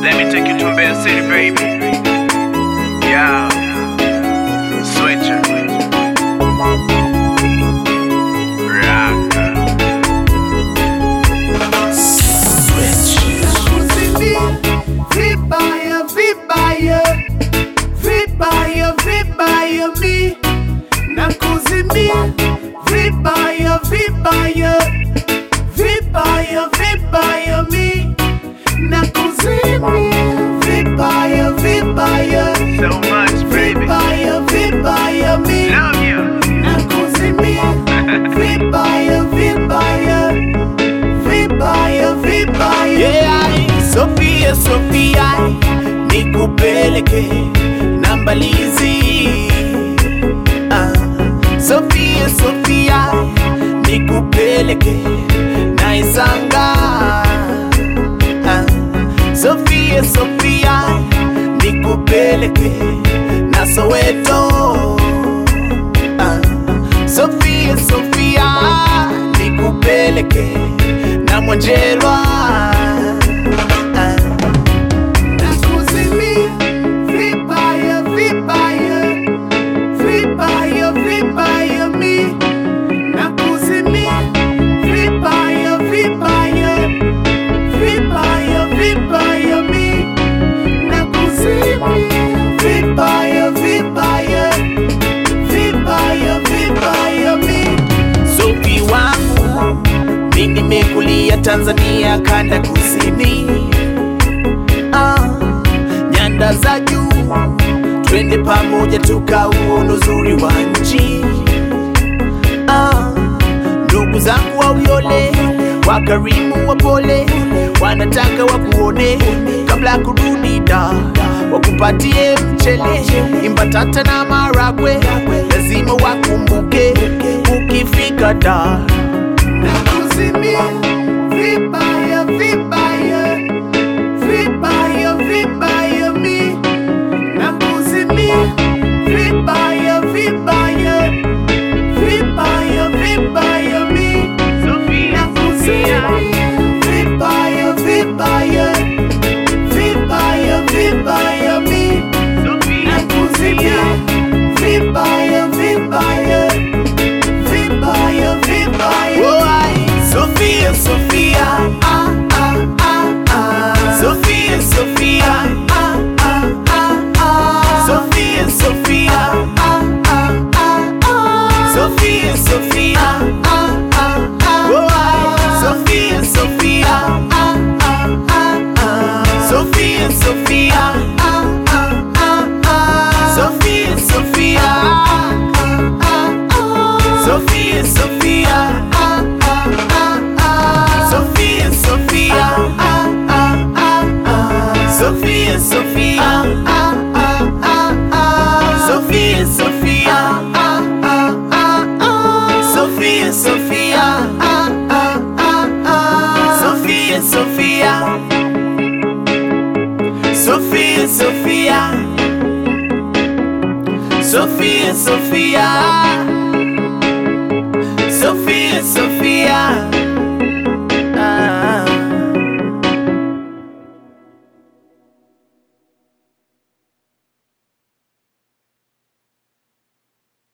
Let me take you to a better city, baby. Yeah. Switcher. Sofia nikupeleke na ah. Sofia Sofia nikupeleke na isanga ah, Sofia Sofia nikupeleke na Soweto ah. Sofia Sofia nikupeleke na Mwanjelwa mimi nimekulia Tanzania kanda kusini, ah, nyanda za juu, twende pamoja tukauona uzuri wa nchi ah, ndugu zangu wa Uyole wakarimu wapole, wanataka wakuone kabla kurudi da wakupatie mchele, imbatata na maragwe, lazima wakumbuke ukifika da see me, vipa. and Sophia. Sophia, Sophia, Sophia. Sophia. Sophia. Sophia. Sophie und Sophia. Sophie Sophia.